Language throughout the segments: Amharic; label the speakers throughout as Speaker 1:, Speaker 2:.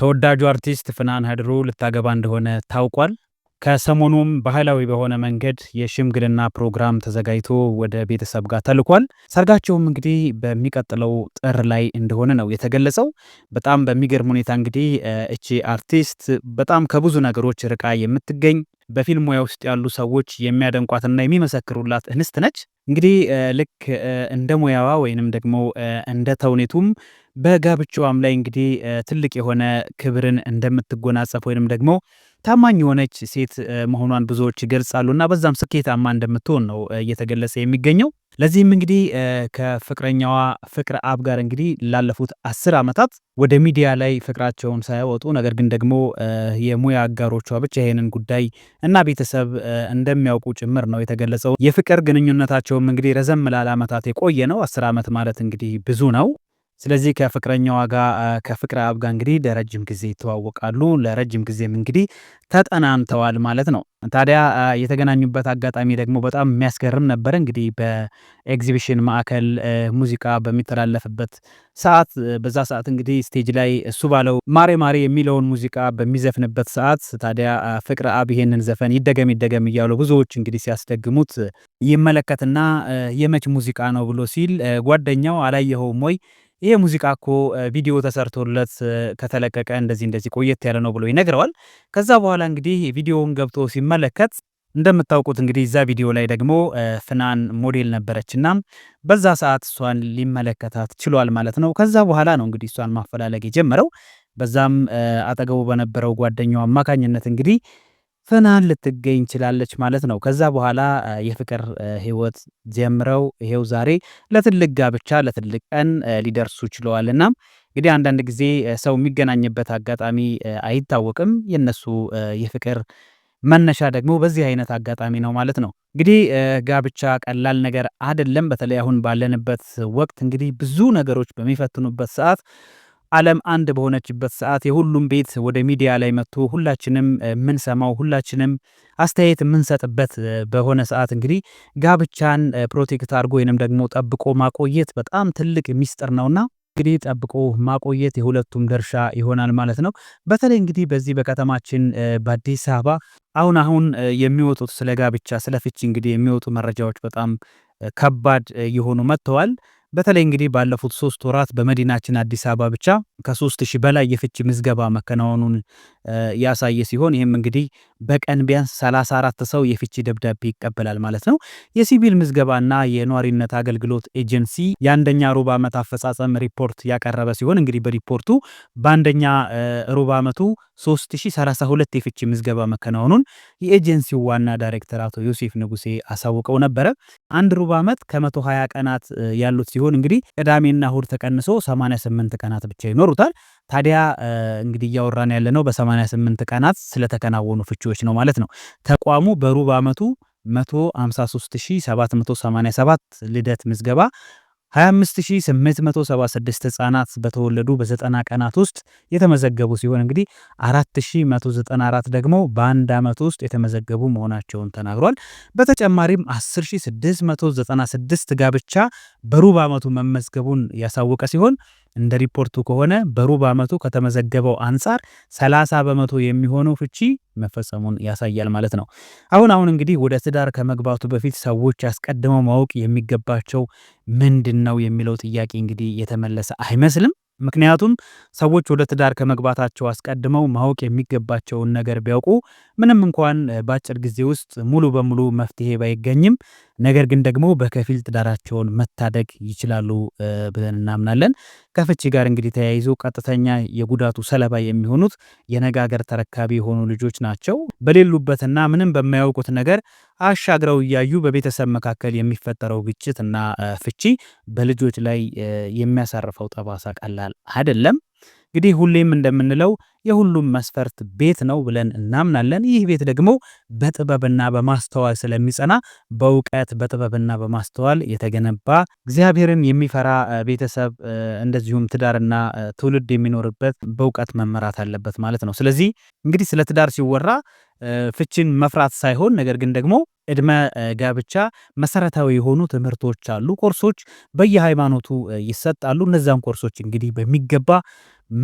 Speaker 1: ተወዳጁ አርቲስት ፍናን ሀድሩ ልታገባ እንደሆነ ታውቋል። ከሰሞኑም ባህላዊ በሆነ መንገድ የሽምግልና ፕሮግራም ተዘጋጅቶ ወደ ቤተሰብ ጋር ተልኳል። ሰርጋቸውም እንግዲህ በሚቀጥለው ጥር ላይ እንደሆነ ነው የተገለጸው። በጣም በሚገርም ሁኔታ እንግዲህ እቺ አርቲስት በጣም ከብዙ ነገሮች ርቃ የምትገኝ በፊልም ሙያ ውስጥ ያሉ ሰዎች የሚያደንቋትና የሚመሰክሩላት እንስት ነች። እንግዲህ ልክ እንደ ሙያዋ ወይንም ደግሞ እንደ ተውኔቱም በጋብቻዋም ላይ እንግዲህ ትልቅ የሆነ ክብርን እንደምትጎናጸፍ ወይንም ደግሞ ታማኝ የሆነች ሴት መሆኗን ብዙዎች ይገልጻሉ እና በዛም ስኬታማ እንደምትሆን ነው እየተገለጸ የሚገኘው። ለዚህም እንግዲህ ከፍቅረኛዋ ፍቅረ አብ ጋር እንግዲህ ላለፉት አስር ዓመታት ወደ ሚዲያ ላይ ፍቅራቸውን ሳያወጡ ነገር ግን ደግሞ የሙያ አጋሮቿ ብቻ ይሄንን ጉዳይ እና ቤተሰብ እንደሚያውቁ ጭምር ነው የተገለጸው። የፍቅር ግንኙነታቸውም እንግዲህ ረዘም ላለ ዓመታት የቆየ ነው። አስር ዓመት ማለት እንግዲህ ብዙ ነው። ስለዚህ ከፍቅረኛዋ ጋር ከፍቅረ አብ ጋር እንግዲህ ለረጅም ጊዜ ይተዋወቃሉ። ለረጅም ጊዜም እንግዲህ ተጠናንተዋል ማለት ነው። ታዲያ የተገናኙበት አጋጣሚ ደግሞ በጣም የሚያስገርም ነበረ። እንግዲህ በኤግዚቢሽን ማዕከል ሙዚቃ በሚተላለፍበት ሰዓት፣ በዛ ሰዓት እንግዲህ ስቴጅ ላይ እሱ ባለው ማሬ ማሬ የሚለውን ሙዚቃ በሚዘፍንበት ሰዓት ታዲያ ፍቅረ አብ ይሄንን ዘፈን ይደገም ይደገም እያሉ ብዙዎች እንግዲህ ሲያስደግሙት ይመለከትና የመች ሙዚቃ ነው ብሎ ሲል ጓደኛው አላየኸውም ወይ ይሄ ሙዚቃ እኮ ቪዲዮ ተሰርቶለት ከተለቀቀ እንደዚህ እንደዚህ ቆየት ያለ ነው ብሎ ይነግረዋል። ከዛ በኋላ እንግዲህ ቪዲዮውን ገብቶ ሲመለከት እንደምታውቁት እንግዲህ እዛ ቪዲዮ ላይ ደግሞ ፍናን ሞዴል ነበረችና በዛ ሰዓት እሷን ሊመለከታት ችሏል ማለት ነው። ከዛ በኋላ ነው እንግዲህ እሷን ማፈላለግ የጀመረው። በዛም አጠገቡ በነበረው ጓደኛው አማካኝነት እንግዲህ ፍናን ልትገኝ ችላለች ማለት ነው። ከዛ በኋላ የፍቅር ህይወት ጀምረው ይሄው ዛሬ ለትልቅ ጋብቻ ለትልቅ ቀን ሊደርሱ ችለዋል። እናም እንግዲህ አንዳንድ ጊዜ ሰው የሚገናኝበት አጋጣሚ አይታወቅም። የነሱ የፍቅር መነሻ ደግሞ በዚህ አይነት አጋጣሚ ነው ማለት ነው። እንግዲህ ጋብቻ ቀላል ነገር አይደለም። በተለይ አሁን ባለንበት ወቅት እንግዲህ ብዙ ነገሮች በሚፈትኑበት ሰዓት ዓለም አንድ በሆነችበት ሰዓት የሁሉም ቤት ወደ ሚዲያ ላይ መጥቶ ሁላችንም የምንሰማው ሁላችንም አስተያየት የምንሰጥበት በሆነ ሰዓት እንግዲህ ጋብቻን ፕሮቴክት አድርጎ ወይንም ደግሞ ጠብቆ ማቆየት በጣም ትልቅ ሚስጥር ነውና እንግዲህ ጠብቆ ማቆየት የሁለቱም ድርሻ ይሆናል ማለት ነው። በተለይ እንግዲህ በዚህ በከተማችን በአዲስ አበባ አሁን አሁን የሚወጡት ስለ ጋብቻ ስለ ፍቺ እንግዲህ የሚወጡ መረጃዎች በጣም ከባድ እየሆኑ መጥተዋል። በተለይ እንግዲህ ባለፉት ሶስት ወራት በመዲናችን አዲስ አበባ ብቻ ከ3000 በላይ የፍቺ ምዝገባ መከናወኑን ያሳየ ሲሆን ይህም እንግዲህ በቀን ቢያንስ 34 ሰው የፍቺ ደብዳቤ ይቀበላል ማለት ነው። የሲቪል ምዝገባና የነዋሪነት አገልግሎት ኤጀንሲ የአንደኛ ሩብ ዓመት አፈጻጸም ሪፖርት ያቀረበ ሲሆን እንግዲህ በሪፖርቱ በአንደኛ ሩብ ዓመቱ 3032 የፍቺ ምዝገባ መከናወኑን የኤጀንሲው ዋና ዳይሬክተር አቶ ዮሴፍ ንጉሴ አሳውቀው ነበረ። አንድ ሩብ ዓመት ከ120 ቀናት ያሉት ሲሆን እንግዲህ ቅዳሜና እሁድ ተቀንሶ 88 ቀናት ብቻ ይኖሩታል። ታዲያ እንግዲህ እያወራን ያለነው በ88 ቀናት ስለተከናወኑ ፍቺዎች ነው ማለት ነው። ተቋሙ በሩብ ዓመቱ 153787 ልደት ምዝገባ 25876 ህጻናት በተወለዱ በ90 ቀናት ውስጥ የተመዘገቡ ሲሆን እንግዲህ 4194 ደግሞ በአንድ ዓመት ውስጥ የተመዘገቡ መሆናቸውን ተናግሯል። በተጨማሪም 10696 ጋብቻ በሩብ ዓመቱ መመዝገቡን ያሳወቀ ሲሆን እንደ ሪፖርቱ ከሆነ በሩብ ዓመቱ ከተመዘገበው አንጻር 30 በመቶ የሚሆነው ፍቺ መፈጸሙን ያሳያል ማለት ነው። አሁን አሁን እንግዲህ ወደ ትዳር ከመግባቱ በፊት ሰዎች አስቀድመው ማወቅ የሚገባቸው ምንድን ነው የሚለው ጥያቄ እንግዲህ የተመለሰ አይመስልም። ምክንያቱም ሰዎች ወደ ትዳር ከመግባታቸው አስቀድመው ማወቅ የሚገባቸውን ነገር ቢያውቁ ምንም እንኳን በአጭር ጊዜ ውስጥ ሙሉ በሙሉ መፍትሄ ባይገኝም፣ ነገር ግን ደግሞ በከፊል ትዳራቸውን መታደግ ይችላሉ ብለን እናምናለን። ከፍቺ ጋር እንግዲህ ተያይዞ ቀጥተኛ የጉዳቱ ሰለባ የሚሆኑት የነገ ተረካቢ የሆኑ ልጆች ናቸው። በሌሉበትና ምንም በማያውቁት ነገር አሻግረው እያዩ በቤተሰብ መካከል የሚፈጠረው ግጭት እና ፍቺ በልጆች ላይ የሚያሳርፈው ጠባሳ ቀላል አይደለም። እንግዲህ ሁሌም እንደምንለው የሁሉም መስፈርት ቤት ነው ብለን እናምናለን። ይህ ቤት ደግሞ በጥበብና በማስተዋል ስለሚጸና በእውቀት በጥበብና በማስተዋል የተገነባ እግዚአብሔርን የሚፈራ ቤተሰብ እንደዚሁም ትዳርና ትውልድ የሚኖርበት በእውቀት መመራት አለበት ማለት ነው። ስለዚህ እንግዲህ ስለ ትዳር ሲወራ ፍቺን መፍራት ሳይሆን ነገር ግን ደግሞ እድመ ጋብቻ መሰረታዊ የሆኑ ትምህርቶች አሉ። ኮርሶች በየሃይማኖቱ ይሰጣሉ። እነዚን ኮርሶች እንግዲህ በሚገባ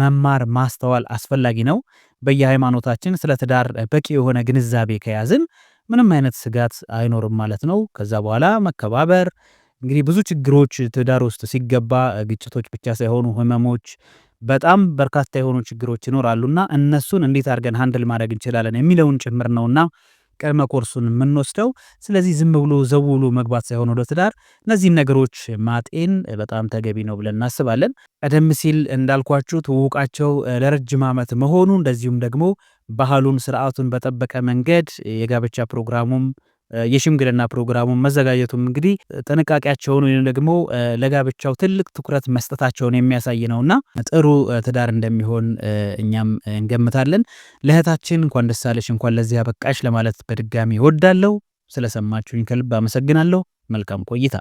Speaker 1: መማር ማስተዋል አስፈላጊ ነው። በየሃይማኖታችን ስለ ትዳር በቂ የሆነ ግንዛቤ ከያዝን ምንም አይነት ስጋት አይኖርም ማለት ነው። ከዛ በኋላ መከባበር እንግዲህ ብዙ ችግሮች ትዳር ውስጥ ሲገባ ግጭቶች ብቻ ሳይሆኑ ህመሞች፣ በጣም በርካታ የሆኑ ችግሮች ይኖራሉና እነሱን እንዴት አድርገን ሀንድል ማድረግ እንችላለን የሚለውን ጭምር ነውና ቅድመ ኮርሱን የምንወስደው። ስለዚህ ዝም ብሎ ዘውሉ መግባት ሳይሆን ወደ ትዳር እነዚህም ነገሮች ማጤን በጣም ተገቢ ነው ብለን እናስባለን። ቀደም ሲል እንዳልኳችሁ ትውውቃቸው ለረጅም ዓመት መሆኑ እንደዚሁም ደግሞ ባህሉን ስርዓቱን በጠበቀ መንገድ የጋብቻ ፕሮግራሙም የሽምግልና ፕሮግራሙን መዘጋጀቱም እንግዲህ ጥንቃቄያቸውን ወይም ደግሞ ለጋብቻው ትልቅ ትኩረት መስጠታቸውን የሚያሳይ ነውና ጥሩ ትዳር እንደሚሆን እኛም እንገምታለን። ለእህታችን እንኳን ደስ አለሽ፣ እንኳን ለዚህ አበቃሽ ለማለት በድጋሚ እወዳለሁ። ስለሰማችሁኝ ከልብ አመሰግናለሁ። መልካም ቆይታ